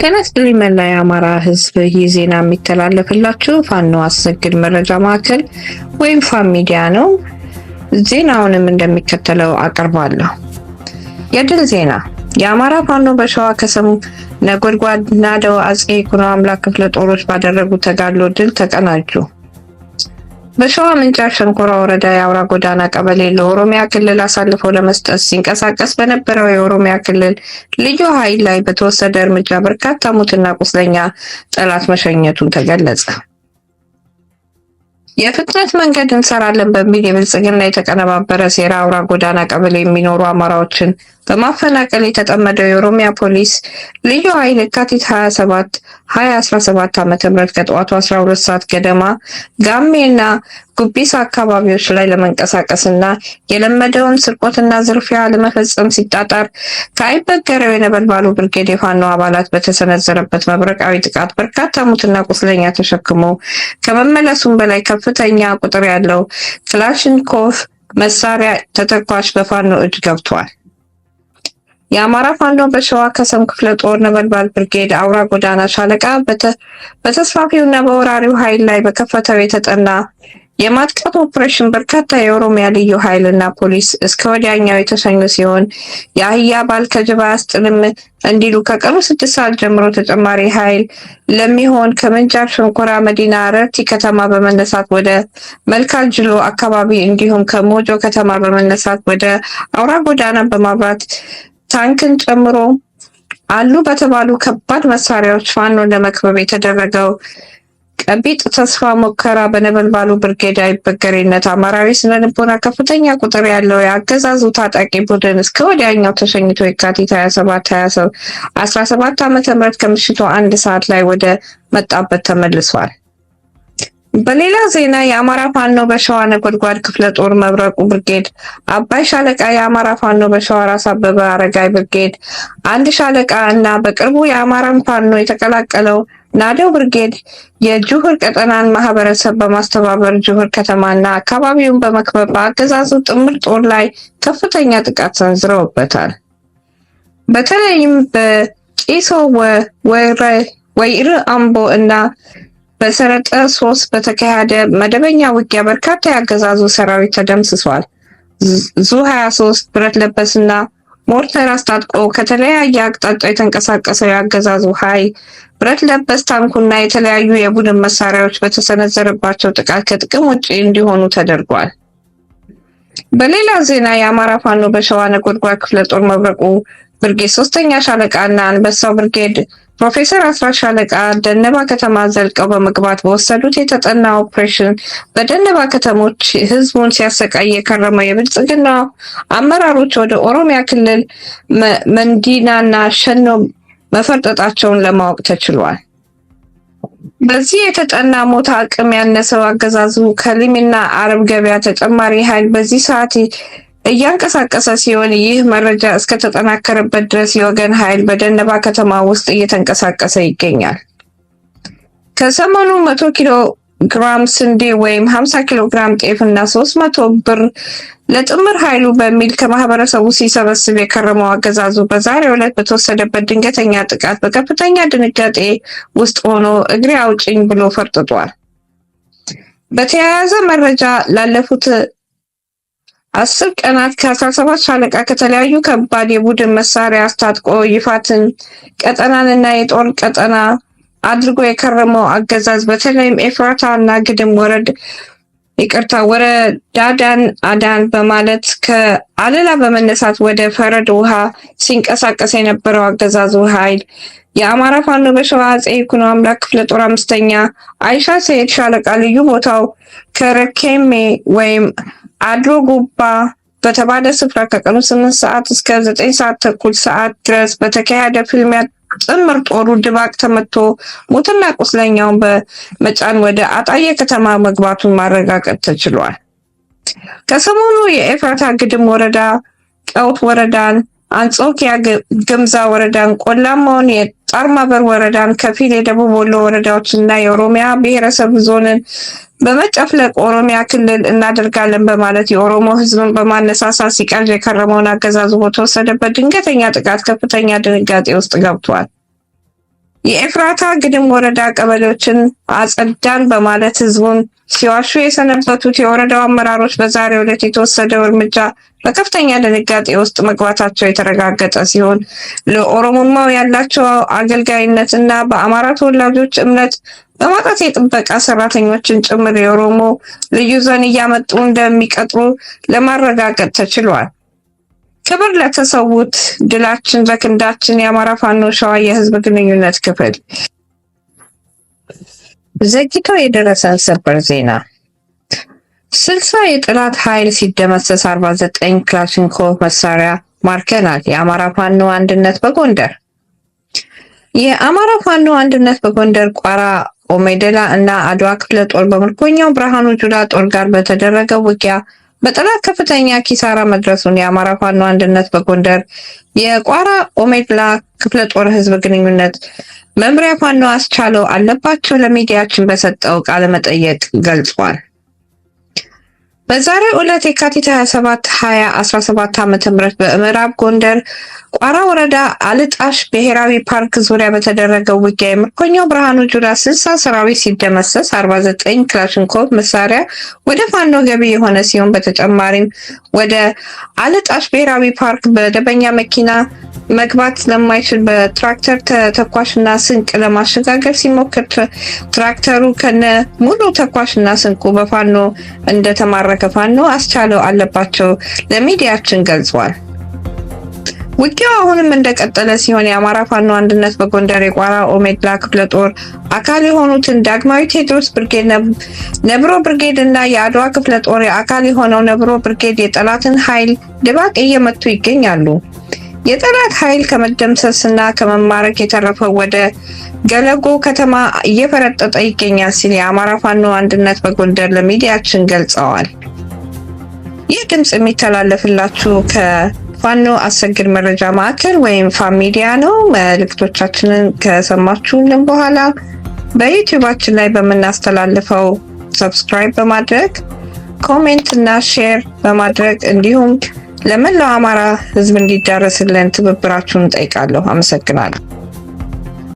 ጤና ይስጥልኝ መላ የአማራ ህዝብ፣ ይህ ዜና የሚተላለፍላችሁ ፋኖ አስገድ መረጃ ማዕከል ወይም ፋን ሚዲያ ነው። ዜናውንም እንደሚከተለው አቅርባለሁ። የድል ዜና የአማራ ፋኖ በሸዋ ከሰሙ ነጎድጓድ ናደው አጼ ኩኖ አምላክ ክፍለ ጦሮች ባደረጉ ተጋድሎ ድል ተቀናጁ። በሸዋ ምንጫ ሸንኮራ ወረዳ የአውራ ጎዳና ቀበሌ ለኦሮሚያ ክልል አሳልፎ ለመስጠት ሲንቀሳቀስ በነበረው የኦሮሚያ ክልል ልዩ ኃይል ላይ በተወሰደ እርምጃ በርካታ ሙትና ቁስለኛ ጠላት መሸኘቱን ተገለጸ። የፍጥነት መንገድ እንሰራለን በሚል የብልጽግና የተቀነባበረ ሴራ አውራ ጎዳና ቀበሌ የሚኖሩ አማራዎችን በማፈናቀል የተጠመደው የኦሮሚያ ፖሊስ ልዩ ኃይል የካቲት 27 2017 ዓ.ም ከጠዋቱ 12 ሰዓት ገደማ ጋሜና ጉቢሶ አካባቢዎች ላይ ለመንቀሳቀስና የለመደውን ስርቆትና ዝርፊያ ለመፈጸም ሲጣጣር ከአይበገረው የነበልባሉ ብርጌድ የፋኖ አባላት በተሰነዘረበት መብረቃዊ ጥቃት በርካታ ሙትና ቁስለኛ ተሸክሞ ከመመለሱም በላይ ከፍተኛ ቁጥር ያለው ክላሽንኮቭ መሳሪያ ተተኳሽ በፋኖ እጅ ገብቷል። የአማራ ፋኖ በሸዋ ከሰም ክፍለ ጦር ነበልባል ብርጌድ አውራ ጎዳና ሻለቃ በተስፋፊውና በወራሪው ኃይል ላይ በከፈተው የተጠና የማጥቃት ኦፕሬሽን በርካታ የኦሮሚያ ልዩ ኃይልና ፖሊስ እስከ ወዲያኛው የተሰኙ ሲሆን የአህያ ባል ከጅባ አስጥልም እንዲሉ ከቀኑ ስድስት ሰዓት ጀምሮ ተጨማሪ ኃይል ለሚሆን ከምንጃር ሸንኮራ መዲና አረርቲ ከተማ በመነሳት ወደ መልካል ጅሎ አካባቢ እንዲሁም ከሞጆ ከተማ በመነሳት ወደ አውራ ጎዳና በማብራት ታንክን ጨምሮ አሉ በተባሉ ከባድ መሳሪያዎች ፋኖን ለመክበብ የተደረገው ቀቢጥ ተስፋ ሙከራ በነበልባሉ ብርጌድ አይበገሬነት አማራዊ ስነልቦና ከፍተኛ ቁጥር ያለው የአገዛዙ ታጣቂ ቡድን እስከ ወዲያኛው ተሸኝቶ የካቲት 27 17 ዓ ም ከምሽቱ አንድ ሰዓት ላይ ወደ መጣበት ተመልሷል። በሌላ ዜና የአማራ ፋኖ በሸዋ ነጎድጓድ ክፍለ ጦር መብረቁ ብርጌድ፣ አባይ ሻለቃ፣ የአማራ ፋኖ በሸዋ ራስ አበበ አረጋይ ብርጌድ አንድ ሻለቃ እና በቅርቡ የአማራን ፋኖ የተቀላቀለው ናደው ብርጌድ የጁሁር ቀጠናን ማህበረሰብ በማስተባበር ጁሁር ከተማና አካባቢውን በመክበብ በአገዛዙ ጥምር ጦር ላይ ከፍተኛ ጥቃት ሰንዝረውበታል። በተለይም በጪሶ ወይር አምቦ እና በሰረጠ ሶስት በተካሄደ መደበኛ ውጊያ በርካታ የአገዛዙ ሰራዊት ተደምስሷል። ዙ 23 ብረት ለበስና ሞርተር አስታጥቆ ከተለያየ አቅጣጫ የተንቀሳቀሰው የአገዛዙ ኃይል ብረት ለበስ ታንኩና የተለያዩ የቡድን መሳሪያዎች በተሰነዘረባቸው ጥቃት ከጥቅም ውጭ እንዲሆኑ ተደርጓል። በሌላ ዜና የአማራ ፋኖ በሸዋ ነጎድጓድ ክፍለ ጦር መብረቁ ብርጌድ ሶስተኛ ሻለቃ እና አንበሳው ብርጌድ ፕሮፌሰር አስራት ሻለቃ ደነባ ከተማ ዘልቀው በመግባት በወሰዱት የተጠና ኦፕሬሽን በደነባ ከተሞች ህዝቡን ሲያሰቃይ የከረመው የብልጽግና አመራሮች ወደ ኦሮሚያ ክልል መንዲናና ሸኖ መፈርጠጣቸውን ለማወቅ ተችሏል። በዚህ የተጠና ሞት አቅም ያነሰው አገዛዙ ከሊምና አረብ ገበያ ተጨማሪ ኃይል በዚህ ሰዓት እያንቀሳቀሰ ሲሆን ይህ መረጃ እስከተጠናከረበት ድረስ የወገን ኃይል በደነባ ከተማ ውስጥ እየተንቀሳቀሰ ይገኛል። ከሰሞኑ መቶ ኪሎ ግራም ስንዴ ወይም 50 ኪሎ ግራም ጤፍ እና 300 ብር ለጥምር ኃይሉ በሚል ከማህበረሰቡ ሲሰበስብ የከረመው አገዛዙ በዛሬ ዕለት በተወሰደበት ድንገተኛ ጥቃት በከፍተኛ ድንጋጤ ውስጥ ሆኖ እግሬ አውጭኝ ብሎ ፈርጥጧል። በተያያዘ መረጃ ላለፉት አስር ቀናት ከአስራ ሰባት ሻለቃ ከተለያዩ ከባድ የቡድን መሳሪያ አስታጥቆ ይፋትን ቀጠናንና የጦር ቀጠና አድርጎ የከረመው አገዛዝ በተለይም ኤፍራታ እና ግድም ወረድ ይቅርታ ወረዳዳን አዳን በማለት ከአለላ በመነሳት ወደ ፈረድ ውሃ ሲንቀሳቀስ የነበረው አገዛዙ ኃይል የአማራ ፋኖ በሸዋ አፄ ይኩኖ አምላክ ክፍለ ጦር አምስተኛ አይሻ ሰይድ ሻለቃ ልዩ ቦታው ከረኬሜ ወይም አድሮ ጉባ በተባለ ስፍራ ከቀኑ ስምንት ሰዓት እስከ ዘጠኝ ሰዓት ተኩል ሰዓት ድረስ በተካሄደ ፍልሚያ ጥምር ጦሩ ድባቅ ተመቶ ሞትና ቁስለኛውን በመጫን ወደ አጣዬ ከተማ መግባቱን ማረጋገጥ ተችሏል። ከሰሞኑ የኤፍራታ ግድም ወረዳ፣ ቀውት ወረዳን፣ አንጾኪያ ግምዛ ወረዳን፣ ቆላማውን የጣርማበር ወረዳን፣ ከፊል የደቡብ ወሎ ወረዳዎችን እና የኦሮሚያ ብሔረሰብ ዞንን በመጨፍለቅ ኦሮሚያ ክልል እናደርጋለን በማለት የኦሮሞ ህዝብን በማነሳሳት ሲቀር የከረመውን አገዛዝ በተወሰደበት ድንገተኛ ጥቃት ከፍተኛ ድንጋጤ ውስጥ ገብቷል። የኤፍራታ ግድም ወረዳ ቀበሌዎችን አጸዳን በማለት ህዝቡን ሲዋሹ የሰነበቱት የወረዳው አመራሮች በዛሬው ዕለት የተወሰደው እርምጃ በከፍተኛ ድንጋጤ ውስጥ መግባታቸው የተረጋገጠ ሲሆን ለኦሮሞማው ያላቸው አገልጋይነትና በአማራ ተወላጆች እምነት በማጣት የጥበቃ ሰራተኞችን ጭምር የኦሮሞ ልዩ ዞን እያመጡ እንደሚቀጥሩ ለማረጋገጥ ተችሏል። ክብር ለተሰዉት ድላችን በክንዳችን። የአማራ ፋኖ ሸዋ የህዝብ ግንኙነት ክፍል። ዘግይቶ የደረሰን ሰበር ዜና ስልሳ የጥላት ኃይል ሲደመሰስ አርባ ዘጠኝ ክላሽንኮቭ መሳሪያ ማርከናል። የአማራ ፋኖ አንድነት በጎንደር የአማራ ፋኖ አንድነት በጎንደር ቋራ ኦሜደላ እና አድዋ ክፍለ ጦር በምርኮኛው ብርሃኑ ጁላ ጦር ጋር በተደረገ ውጊያ በጠላት ከፍተኛ ኪሳራ መድረሱን የአማራ ፋኖ አንድነት በጎንደር የቋራ ኦሜድላ ክፍለ ጦር ህዝብ ግንኙነት መምሪያ ፋኖ አስቻለው አለባቸው ለሚዲያችን በሰጠው ቃለመጠየቅ ገልጿል። በዛሬው ዕለት የካቲት 27 2017 ም በምዕራብ ጎንደር ቋራ ወረዳ አልጣሽ ብሔራዊ ፓርክ ዙሪያ በተደረገው ውጊያ የምርኮኛው ብርሃኑ ጁላ 60 ሰራዊት ሲደመሰስ 49 ክላሽንኮቭ መሳሪያ ወደ ፋኖ ገቢ የሆነ ሲሆን በተጨማሪም ወደ አልጣሽ ብሔራዊ ፓርክ በደበኛ መኪና መግባት ለማይችል በትራክተር ተኳሽና ስንቅ ለማሸጋገር ሲሞክር ትራክተሩ ከነ ሙሉ ተኳሽና ስንቁ በፋኖ እንደተማረ ከፋኖ አስቻለው አለባቸው ለሚዲያችን ገልጿል። ውጊያው አሁንም እንደቀጠለ ሲሆን የአማራ ፋኖ አንድነት በጎንደር የቋራ ኦሜድላ ክፍለ ጦር አካል የሆኑትን ዳግማዊ ቴዎድሮስ ብርጌድ፣ ነብሮ ብርጌድ እና የአድዋ ክፍለ ጦር አካል የሆነው ነብሮ ብርጌድ የጠላትን ኃይል ድባቅ እየመቱ ይገኛሉ። የጠላት ኃይል ከመደምሰስና ከመማረክ የተረፈው ወደ ገለጎ ከተማ እየፈረጠጠ ይገኛል ሲል የአማራ ፋኖ አንድነት በጎንደር ለሚዲያችን ገልጸዋል። ይህ ድምፅ የሚተላለፍላችሁ ከፋኖ አሰግድ መረጃ ማዕከል ወይም ፋን ሚዲያ ነው። መልእክቶቻችንን ከሰማችሁልን በኋላ በዩቲዩባችን ላይ በምናስተላልፈው ሰብስክራይብ በማድረግ ኮሜንት እና ሼር በማድረግ እንዲሁም ለመላው አማራ ህዝብ እንዲዳረስልን ትብብራችሁን ጠይቃለሁ። አመሰግናለሁ።